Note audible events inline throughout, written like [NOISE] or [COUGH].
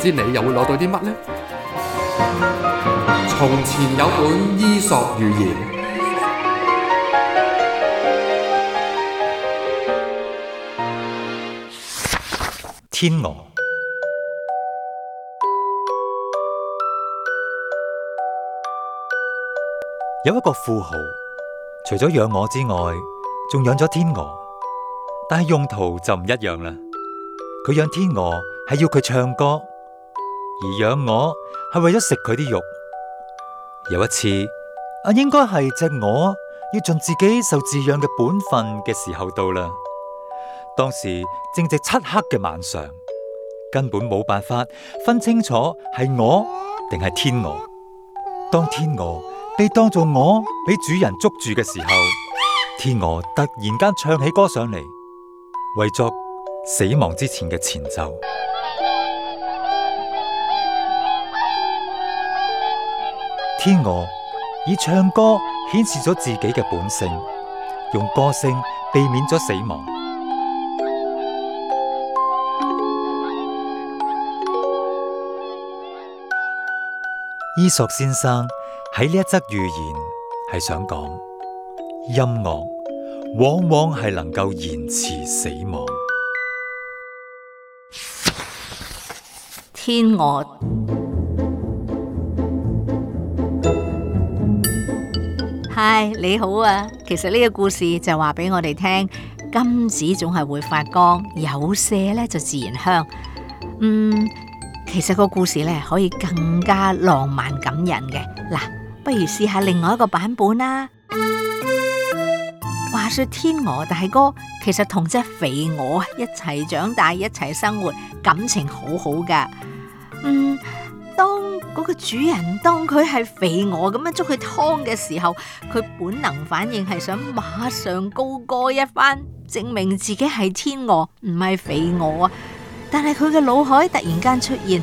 知你又會攞到啲乜呢？從前有本伊索寓言。天鵝。有一個富豪，除咗養鵝之外，仲養咗天鵝，但係用途就唔一樣啦。佢養天鵝係要佢唱歌。而養鵝係為咗食佢啲肉。有一次，啊，應該係隻鵝要盡自己受飼養嘅本分嘅時候到啦。當時正值漆黑嘅晚上，根本冇辦法分清楚係鵝定係天鵝。當天鵝被當作鵝俾主人捉住嘅時候，天鵝突然間唱起歌上嚟，為作死亡之前嘅前奏。天鵝以唱歌顯示咗自己嘅本性，用歌聲避免咗死亡。 [NOISE] 伊索先生喺呢一則寓言係想講，音樂往往係能夠延遲死亡。天鵝。Hi, 你好啊，其實呢個故事就話俾我哋聽，金子總係會發光，有麝咧就自然香。嗯，其實個故事咧可以更加浪漫感人嘅。嗱，不如試下另外一個版本啦。話說天鵝大哥其實同隻肥鵝一齊長大，一齊生活，感情好好噶。嗯。當嗰個主人當佢係肥鵝咁樣捉佢湯嘅時候，佢本能反應係想馬上高歌一番，證明自己係天鵝唔係肥鵝啊！但係佢嘅腦海突然間出現，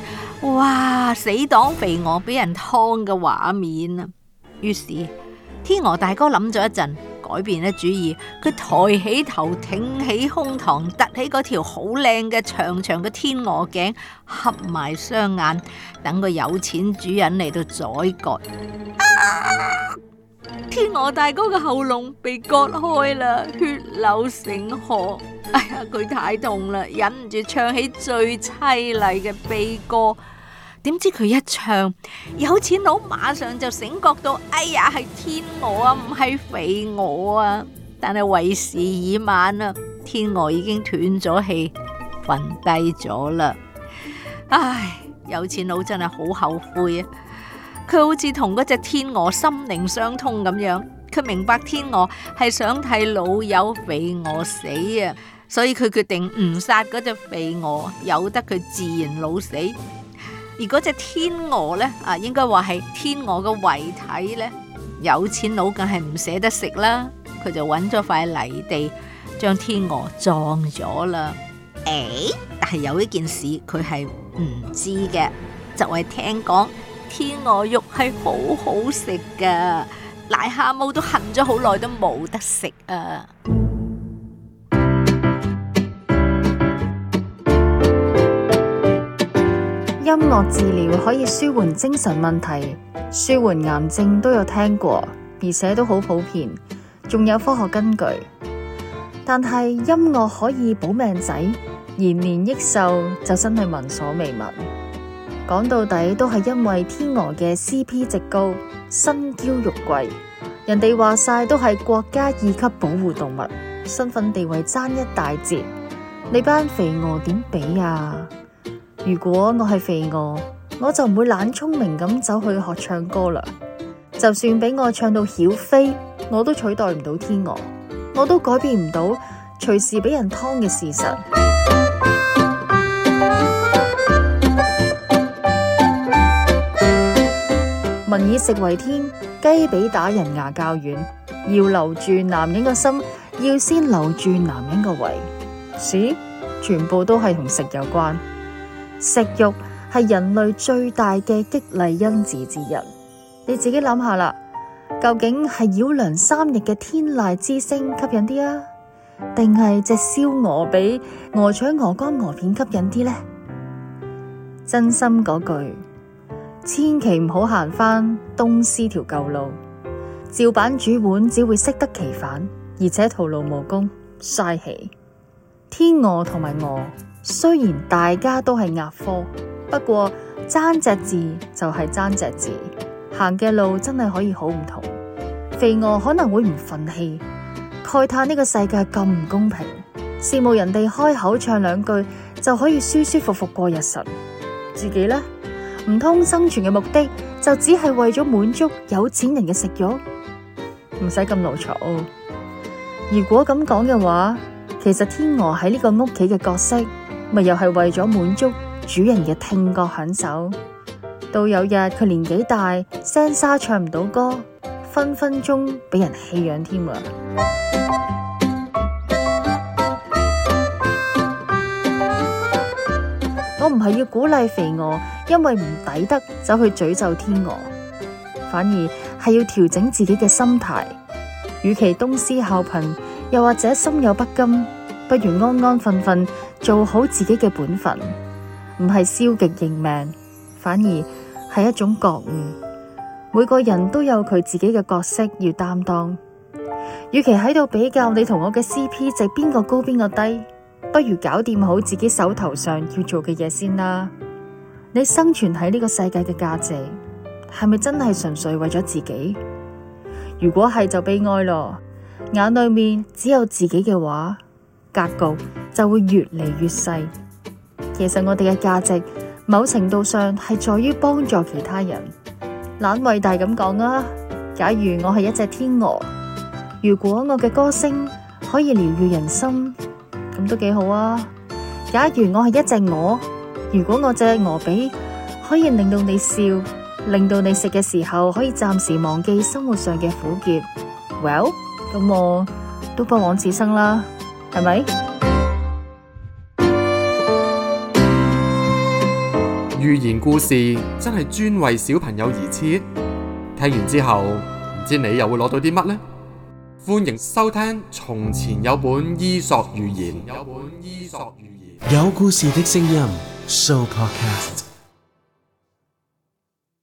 哇！死黨肥鵝俾人湯嘅畫面啊！於是天鵝大哥諗咗一陣。改變咗主意，佢抬起頭，挺起胸膛，突起嗰條好靚嘅長長嘅天鵝頸，合埋雙眼，等個有錢主人嚟到宰割。啊、天鵝大哥嘅喉嚨被割開啦，血流成河。哎呀，佢太痛啦，忍唔住唱起最淒厲嘅悲歌。點知佢一唱，有錢佬馬上就醒覺到，哎呀，係天鵝啊，唔係肥鵝啊！但係為時已晚啦，天鵝已經斷咗氣，瞓低咗啦。唉，有錢佬真係好後悔啊！佢好似同嗰隻天鵝心靈相通咁樣，佢明白天鵝係想睇老友肥鵝死啊，所以佢決定唔殺嗰隻肥鵝，由得佢自然老死。而嗰隻天鵝呢，啊，應該話係天鵝嘅遺體呢。有錢佬梗係唔捨得食啦，佢就搵咗塊泥地將天鵝葬咗啦。欸、但係有一件事佢係唔知嘅，就係、是、聽講天鵝肉係好好食噶，癩蛤蟆都恨咗好耐都冇得食啊！音樂治療可以舒緩精神問題，舒緩癌症都有聽過，而且都好普遍，仲有科學根據。但係音樂可以保命仔，延年益壽就真係聞所未聞。講到底都係因為天鵝嘅 CP 值高，身嬌肉貴，人哋話晒都係國家二級保護動物，身份地位爭一大截。你班肥鵝點比啊？如果我係肥鵝，我就唔會懶聰明咁走去學唱歌啦。就算俾我唱到曉飛，我都取代唔到天鵝，我都改變唔到隨時俾人劏嘅事實。 [MUSIC] 民以食為天，雞髀打人牙較軟。要留住男人嘅心，要先留住男人嘅胃。屎，全部都係同食有關。食肉係人類最大嘅激勵因子之一，你自己諗下啦，究竟係繞梁三日嘅天籟之聲吸引啲啊，定係隻燒鵝髀鵝腸、鵝、鵝肝、鵝片吸引啲呢？真心嗰句，千祈唔好行翻東施條舊路，照板煮碗，只會適得其反，而且徒勞無功，嘥氣。天鵝同埋鵝。雖然大家都係鴨科，不過爭隻字就係爭隻字，行嘅路真係可以好唔同。肥鵝可能會唔忿氣，慨嘆呢個世界咁唔公平，羨慕人哋開口唱兩句就可以舒舒服服過日辰。自己呢，唔通生存嘅目的就只係為咗滿足有錢人嘅食慾，唔使咁勞嘈。如果咁講嘅話，其實天鵝喺呢個屋企嘅角色，咪又係為咗滿足主人嘅聽覺享受。到有日佢年紀大，聲沙唱唔到歌，分分鐘俾人棄養添啊！ [MUSIC] 我唔係要鼓勵肥鵝，因為唔抵得走去詛咒天鵝，反而係要調整自己嘅心態。與其東施效顰，又或者心有不甘，不如安安分分。做好自己嘅本分，唔係消極認命，反而係一種覺悟。每個人都有佢自己嘅角色要擔當。與其喺度比較你同我嘅 CP 值邊個高邊個低，不如搞掂好自己手頭上要做嘅嘢先啦。你生存喺呢個世界嘅價值，係咪真係純粹為咗自己？如果係就悲哀咯，眼裏面只有自己嘅話。格局就會越嚟越細。其實我哋嘅價值，某程度上係在於幫助其他人。懶偉大咁講啊！假如我係一隻天鵝，如果我嘅歌聲可以療愈人心，咁都幾好啊！假如我係一隻鵝，如果我隻鵝髀可以令到你笑，令到你食嘅時候可以暫時忘記生活上嘅苦澀，Well，咁我都不枉此生啦！係咪？寓言故事真係專為小朋友而設，聽完之後唔知你又會攞到啲乜呢？歡迎收聽《從前有本伊索寓言》有本伊索寓言，有故事的聲音 Sooo Podcast。